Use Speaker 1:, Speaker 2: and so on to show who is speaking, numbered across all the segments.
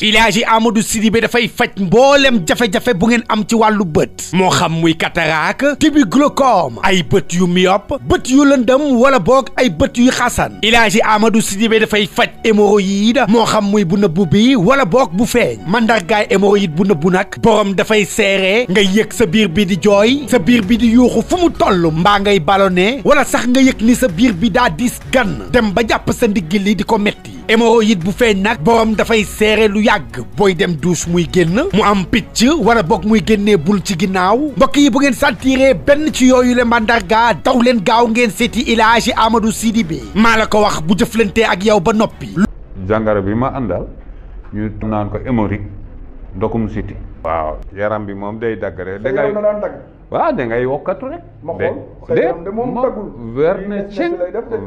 Speaker 1: Ilaaji Amadou Sidibé dafay faj mboolem jafe-jafe bu ngeen am ci wàllu bët moo xam muy cataracte début ay bët yu myope bët yu lëndëm wala boog ay bët yu xasan Ilaaji Amadou Sidibé dafay faj hémorroïde moo xam muy bu nëbbu bi wala boog bu feeñ mandargaay hémorroïde bu nëbbu nag borom dafay seere nga yëg sa biir bi di jooy sa biir bi di yuuxu fu mu toll mbaa ngay ballonné wala sax nga yëg ni sa biir bi daa diis gan dem ba jàpp sa ndigg li di ko metti it bu feeñ nag borom dafay seere lu yàgg booy dem douche muy génn mu am picc wala boog muy génnee bul ci ginnaaw mbokk yi bu ngeen sentiree benn ci yooyu le mandarga daw leen gaaw ngeen seeti amadu Amadou bi maa la ko wax bu jëflantee ak yow ba noppi.
Speaker 2: jàngoro bi ma àndal ñu naan ko hémorroïde ndoxum siti waaw yaram bi moom day dagg rek. da ngay waaw da ngay wokkatu rek.
Speaker 3: ma xool de moom tagul
Speaker 2: weer na ceng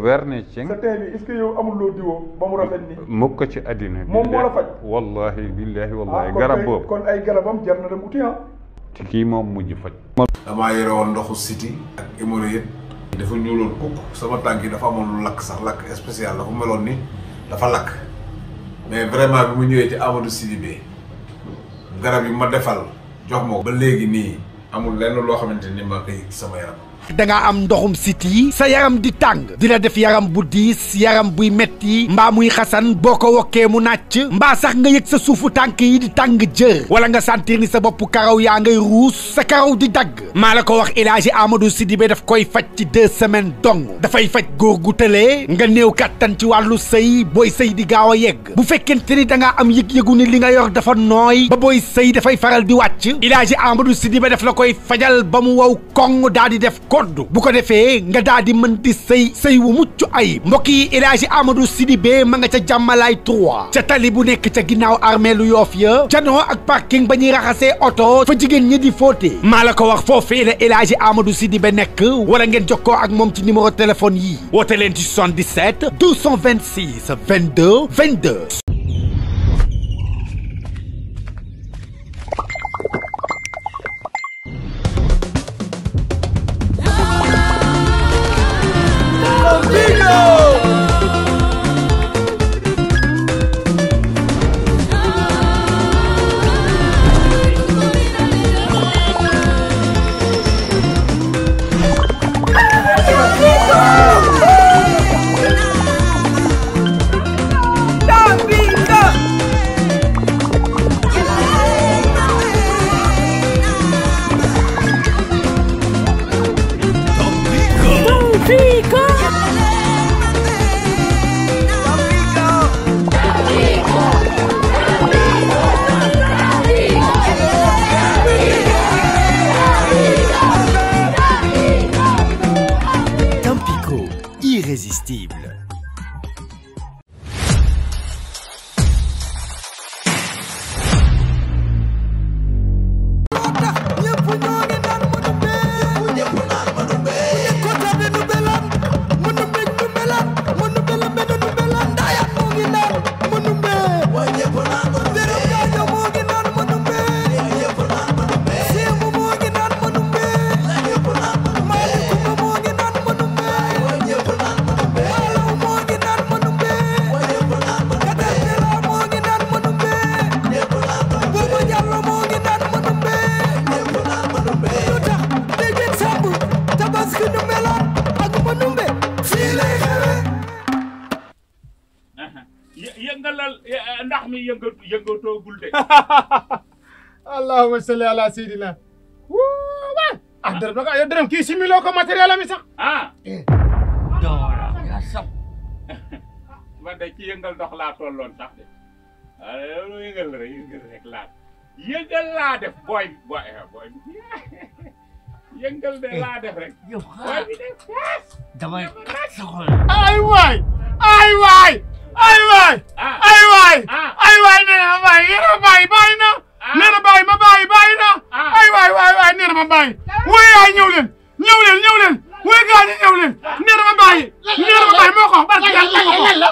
Speaker 2: weer na ceng. sa
Speaker 3: teen bi est-ce que yow
Speaker 2: ci àddina moom moo la faj.
Speaker 3: wallaahi billaahi wallaahi garab boobu kon ay garabam jar na dem uti ah.
Speaker 2: te kii moom mujj faj.
Speaker 3: damaa yore woon ndoxu siti ak hémorroïde dafa ñuuloon kukk sama tànk yi dafa amoon lu lakk sax lakk spécial dafa meloon ni dafa lakk mais vraiment bi mu ñëwee ci Amadou Sidibé garab yi ma defal jox ma ba léegi nii. amul lenn loo xamante ni ma koy sama yaram
Speaker 1: dangaa am ndoxum siti sa yaram di tàng la def yaram bu diis yaram buy metti mbaa muy xasan boo ko wokkee mu nàcc mbaa sax nga yëg sa suufu tànk yi di tàng jër wala nga sentir ni sa bopp karaw yaa ngay ruus sa karaw di dagg maa la ko wax El Hadji Amadou Sidibé daf koy faj ci deux semaines dong dafay faj góor gu tëlee nga néew kàttan ci wàllu sëy booy sëy di gaaw a yegg bu fekkente ni dangaa am yëg-yëgu ni li nga yor dafa nooy ba booy sëy dafay faral di wàcc El Hadji Amadou Sidibé daf la koy fajal ba mu wow koŋ daal di def koddu bu ko defee nga daa di mën di sëy sëy wu mucc ayib mbokk yi El Hadji Amadou ma nga ca jàmmalaay 3 ca tali bu nekk ca ginnaaw armée lu yoof ya janoo ak parking ba ñuy raxasee oto fa jigéen ñi di fóote maa la ko wax foofee la El Hadji Amadou nekk wala ngeen jokkoo ak moom ci numéro téléphone yi woote leen ci 77 226 22 22
Speaker 2: yëngatoogul de. allahumma salli ala sayyidina. waa ah dërëm nag yow ah, dërëm kii similoo ko matériel ami sax. Ah. Eh. doora nga sab. man de ci yëngal laa tolloon sax de. de eh, laa def rek. yow xaaral ah. damay kat sa ay waay ay waay. ay waay ay waay ay waay nee na ma bàyyi nee na ma bàyyi bàyyi na nee na bàyyi ma bàyyi bàyyi na ay waay waay waay nee na ma bàyyi wuy yaay ñëw leen ñëw leen ñëw leen wuy gaa ñi ñëw leen nee na ma bàyyi nee na ma bàyyi moo ko barke yàlla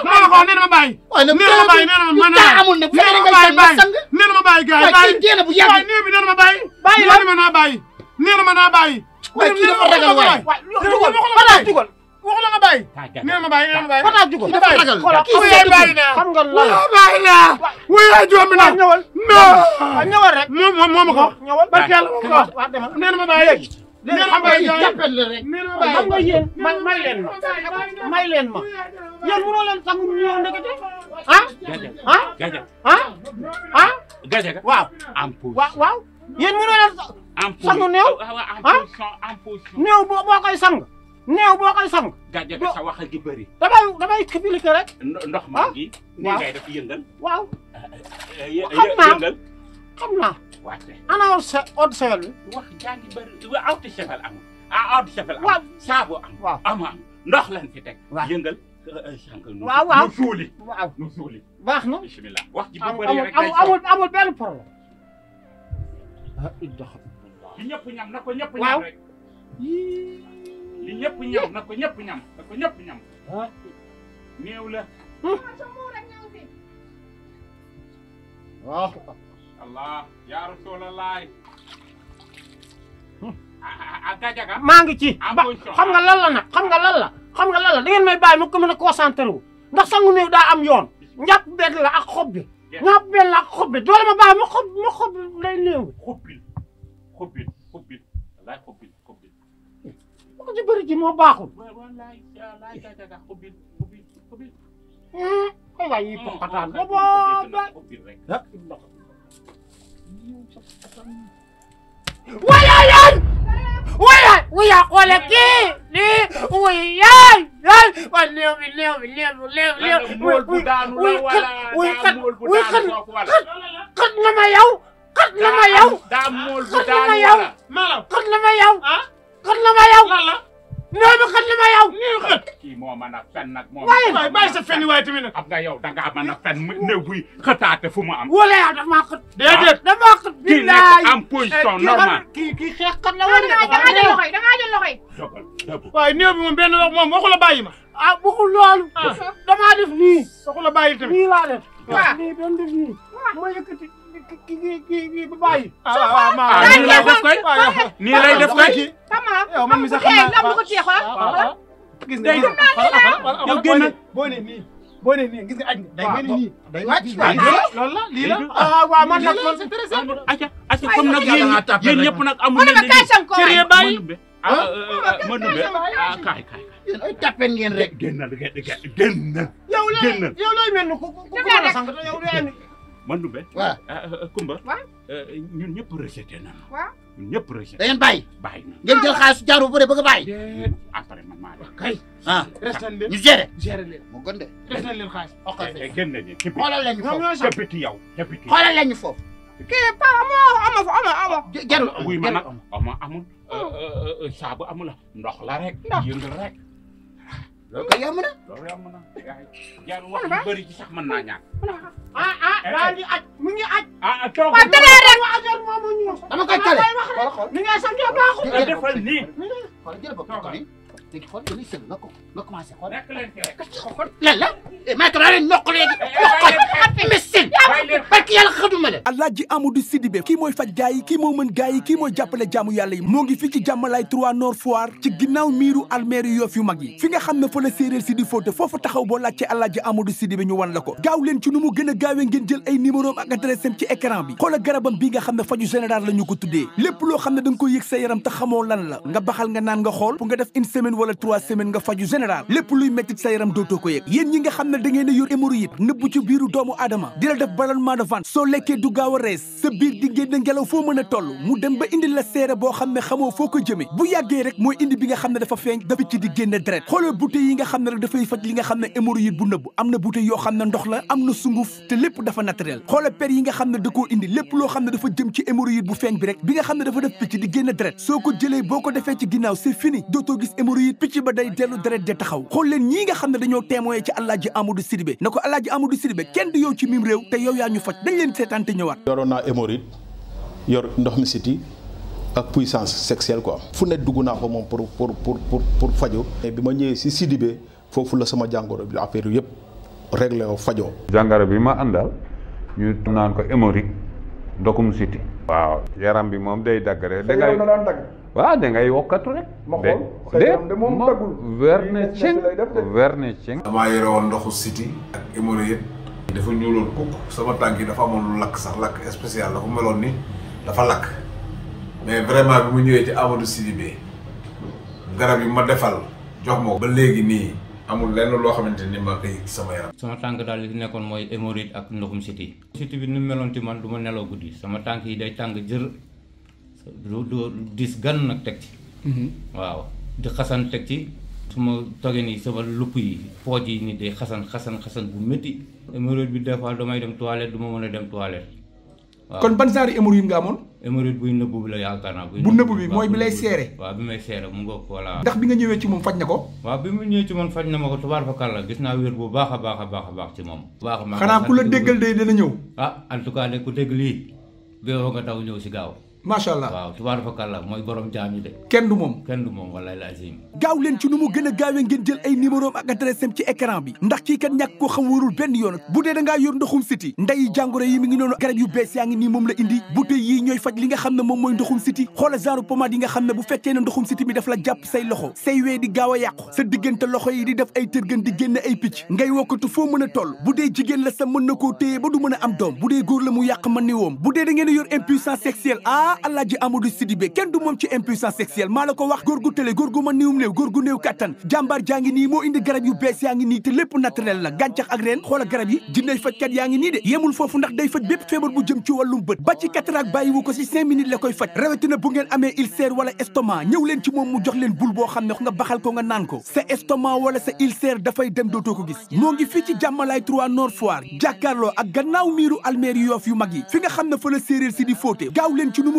Speaker 2: moo ko moo ko nee na ma bàyyi nee na ma bàyyi nee na ma nee na ma bàyyi bàyyi nee na ma bàyyi gaa yi bàyyi waay nee bi nee na ma bàyyi nee na ma naa bàyyi nee na ma naa bàyyi waay kii dafa ragal waay waay dugal balaa dugal waxu la nga bàyyi. nee na ma jugo dafa ragal xam nga lan la bàyyi naa. naa non ñëwal rek. moom moom ko. ñëwal barke moom ko may leen ma may leen ma sangu ñëw ndekete ah. ah ah, ah? ah? sangu néew boo koy sang. gàjja bi sa wax a gi bëri. damay damay expliquer rek. ndox maa ah, ngi. waaw ngay def yëngal. waaw eh, eh, eh, xam naa xam ana eau de Javel wax jaa ngi bëri wa eau de am. Ah, waaw am ndox lañ fi teg. waaw yëngal. waaw waaw baax na bisimilah wax ji bu bëri rek amul amul amul li ñëpp ñam na ko ñëpp ñam ñëpp ñam. Ah. néew la. waaw. Ah. allah yaa rasulallah. Hmm. Ah, maa ngi ci. ba xam nga lan la nag xam nga lan la. xam nga lan la da ngeen may bàyyi mu ko mën a concentré wu ndax sangu néew daa am yoon. njàpp benn la ak xob bi. njàpp benn la ak xob doole ma bàyyi ma xob ma xob lay ku ci bëri ji moo baaxul. ay waay yi poqataan ba boo wala yaay wala wuya xoole kii nii wuy yaay yaay waa néew bi néew bi néew bi néew néew wuy wuy wuy xat wuy xat xat na ma yow xat na ma yow xat na ma yow xat na ma yow neexat kii moo mën a fen nag moo waay bàyyi sa fen waaye tamit nag xam nga yow da ngaa mën a fen néew buy xëtaate fu mu am wala yow daf maa xët ah. déedéet daf maa xët kii nekk en position eh, normale kii kii xeexkat la war da ngaa jël loxoy da ngaa jël loxoy waaye néew bi moom benn wax moom waxu la bàyyi ma ah waxul loolu ah. damaa def nii waxu la bàyyi tamit nii laa def ah. waaw nii doon def nii mooy yëkkati ki ki ki ba bàyyi. ah waaw nii lay def koy nii lay def koy. yow man mi sax eh, xam naa waaw
Speaker 1: gis nga yow génn boo ne nii boo ne nii gis nga aj nga day mel nii day wàcc loolu la lii la ah waaw man nag man
Speaker 2: c'est très simple aca aca comme nag yéen yéen ñëpp nag amul leen liggéey sérieux bàyyi ma numbe ah, euh, euh, ah kaay kaay yéen ay tapen ngeen rek génnal génnal génnal
Speaker 3: yow
Speaker 2: looy mel ni ku ku ku mën a sang yow yaa ni Mandumbe. waaw ah, ah, ah Kumba. waaw eh, ñun ñëpp rejeté nañu. waaw ñun ñëpp rejeté. da ngeen bàyyi. bàyyi na ngeen jël xaalis jaaroo bu dee bëgg a bàyyi. après man maa leen kay. ah, ah. ñu géré. géré leen mu gën de. xaalis. ok eh, eh, génn leen képp. xoolal leen ñu foofu foofu. kii pa amoo amoo fa amoo amoo. jë jërë nga wuy ma nag amoo euh, euh, euh, ndox la loolu kay yomb na. loolu yomb na jaar wax yu bëri ci sax mën naa ñaan. ah ah daal eh, di aj mu ngi aj. ah toog waaw tëddee rek waaw affaire moomu ñu. dama koy tale xool xool ni ngay santee baaxul. nga defal nii. xool jël bopp ko bi léegi xool dañuy sëñ nga ko nga commencé xool. nekk leen ci rek xool lan la. maa ngi ko maa leen nokk léegi. nokk ko mais sëñ. bàyyi leen barki yàlla
Speaker 3: xatuma leen alaaji amadou sidibé kii mooy faj gars yi kii moo mën gars yi kii mooy jàppale jaamu yàlla yi moo ngi fi ci jàmmalaay trois nord foire ci ginnaaw miiru almeeri yoof yu mag yi fi nga xam ne foo la séeréer si di fóote foofu taxaw boo laajte alaaji amadou sidibé ñu wan la ko gaaw leen ci nu mu gën a gaawee ngeen jël ay numéro ak adresse am ci écran bi xoola garabam bii nga xam ne faju général la ñu ko tuddee lépp loo xam ne danga nga koy yëg sa yaram lan la nga baxal nga naan nga xool nga def une semaine wala trois semaines nga faju général lépp luy mettit sa yaram dootoo ko ñi nga xam ne da ngeen a yor hémorroïde doomu aadama di ballonnement de ventre soo lekkee du gaaw a rees sa biir di génn ngelaw foo mën a toll mu dem ba indi la seere boo xam ne xamoo foo ko jëme bu yàggee rek mooy indi bi nga xam ne dafa feeñ dafa ci di génn deret xoolal bouteille yi nga xam ne rek dafay faj li nga xam ne hémorroïde bu nëbb am na bouteille yoo xam ne ndox la am na sunguf te lépp dafa naturel xoolal per yi nga xam ne da koo indi lépp loo xam ne dafa jëm ci hémorroïde bu feeñ rek bi nga xam ne dafa def picc di génn deret soo ko jëlee boo ko defee ci ginnaaw c'est fini dootoo gis hémorroïde picc ba day dellu deret de taxaw ne dañoo témoin ci Alaaji Amadou na ko Alaaji Amadou Sidibé kenn yow ci mim réew yow yaa ñu faj dañ leen seetaan ñëwaat. yoroon naa hémorroïde yor ndox mi siti ak puissance ko am fu ne dugg naa ko moom pour pour pour pour pour fajoo. mais bi ma ñëwee si Sidibé foofu la sama jàngoro bi affaire yëpp réglé woo fajoo.
Speaker 2: jàngoro bi ma àndal ñu naan ko hémorroïde ndoxum siti waaw yaram bi moom day dagg rek. da ngay waaw da wokkatu rek.
Speaker 3: de moom ceng weer ceng. damaa yore woon ndoxu siti ak hémorroïde dafa ñuuloon kukk sama tànk yi dafa amoon lu lakk sax lakk spécial dafa meloon ni dafa lakk mais vraiment bi mu ñëwee ci amadou sidibé garab yi ma defal jox ma ba léegi nii amul lenn loo xamante ni ma koy sama yaram
Speaker 2: sama tànk daal li nekkoon mooy hémorroïde ak ndoxum siti siti bi nu meloon ci man du ma nelaw guddi sama tànk yi day tàng jër du du dis gan nag teg ci mm-hmm. waaw di xasan teg ci su ma toogee nii sama lupp yi pooj yi ni day xasan xasan xasan bu métti hémorroïde bi des fois damay dem toilette du ma mën a dem toilette. waaw kon ban
Speaker 3: genre hémorroïde nga amoon.
Speaker 2: hémorroïde buy nëbbu bi la yaakaar naa. bu nëbbu bi mooy bi lay seere. waaw bi may seere mu ngoog voilà. ndax bi
Speaker 3: nga ñëwee ci moom faj
Speaker 2: na ko. waaw bi mu ñëwee ci man faj na ma ko tubaar fa kàlla gis naa wér bu baax a baax a baax a baax ci moom. baax a xanaa ku la déggal day dana ñëw. ah en tout cas de ku dégg lii. bee nga taw ñëw si gaaw. macha allah waaw tubaarfakalla mooy borom jaam yi de.
Speaker 3: kenn du moom kenn leen ci nu mu gën a gaawee ngeen jël ay numéro ak adresse am ci écran bi ndax kii kat ñàkk koo xam warul benn yoon bu dee da ngaa yor ndoxum siti ndeyi jàngoro yi mi ngi noonu garab yu bees yaa ngi nii moom la indi bouteille yii ñooy faj li nga xam ne moom mooy ndoxum siti xoola genre pommade yi nga xam ne bu fekkee ne ndoxum siti bi daf la jàpp say loxo say wee di gaaw a yàqu sa diggante loxo yi di def ay tërgën di génn ay picc ngay wokkatu foo mën a toll bu dee jigéen la na koo téye du mën a am doom bu dee góor la mu yàq man ni woom bu dee da ngeen yor impuissance sexuelle ah! ah alaaji amadou sidibé kenn du moom ci impuissance sexuelle maa la ko wax góor gu tële góor gu ma néewum néew góor gu néew kattan jàmbaar jaa ngi nii moo indi garab yu bees yaa ngi nii te lépp naturel la gàncax ak reen xoola garab yi jinnay fajkat yaa ngi nii de yemul foofu ndax day faj bépp feebar bu jëm ci wàllum bët ba ci cataracte bàyyiwu ko si cinq minutes la koy faj rawatina bu ngeen amee ulcère wala estomac ñëw leen ci moom mu jox leen bul boo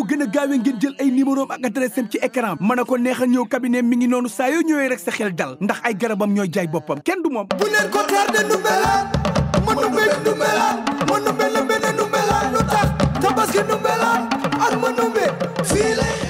Speaker 3: mu gën a gaawee ngeen jël ay numéro am ak ci écran mën a ko neexal ñëw cabinet mi ngi noonu saa yoo ñëwee rek sa xel dal ndax ay garabam ñooy jaay boppam kenn du moom bu leen ko tardé nu mbelaan ma nu mbé nu mbelaan ma nu mbé la mbé nu mbelaan lu tax tabaski ak ma nu mbé